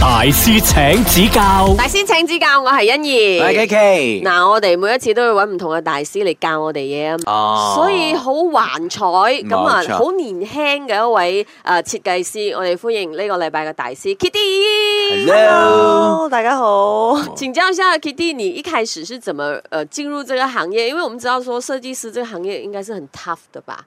大師請指教，大師請指教，我係欣怡，係 Kiki。嗱、啊，我哋每一次都會搵唔同嘅大師嚟教我哋嘢，oh. 所以好還彩，咁、oh. 啊好年輕嘅一位誒設計師，我哋歡迎呢個禮拜嘅大師 Kitty。Hello，Hello. 大家好，oh. 請教一下 Kitty，你一開始是怎麼進、呃、入這個行業？因為我們知道說設計師這個行業應該是很 tough 的吧。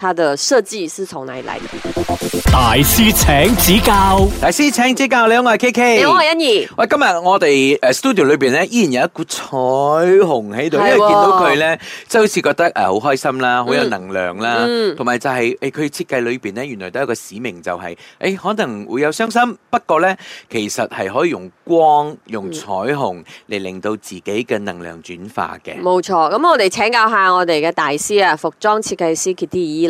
它的設計是從哪裏來的？大師請指教，大師請指教。你好，我係 K K。你好，我係欣宜。喂，今日我哋誒 studio 裏邊咧，依然有一股彩虹喺度，哦、因為見到佢呢，即係好似覺得誒好開心啦，好、嗯、有能量啦，同埋、嗯、就係誒佢設計裏邊呢，原來都有一個使命、就是，就係誒可能會有傷心，不過呢，其實係可以用光用彩虹嚟令到自己嘅能量轉化嘅。冇錯、嗯，咁我哋請教下我哋嘅大師啊，服裝設計師 Kittie Yiyi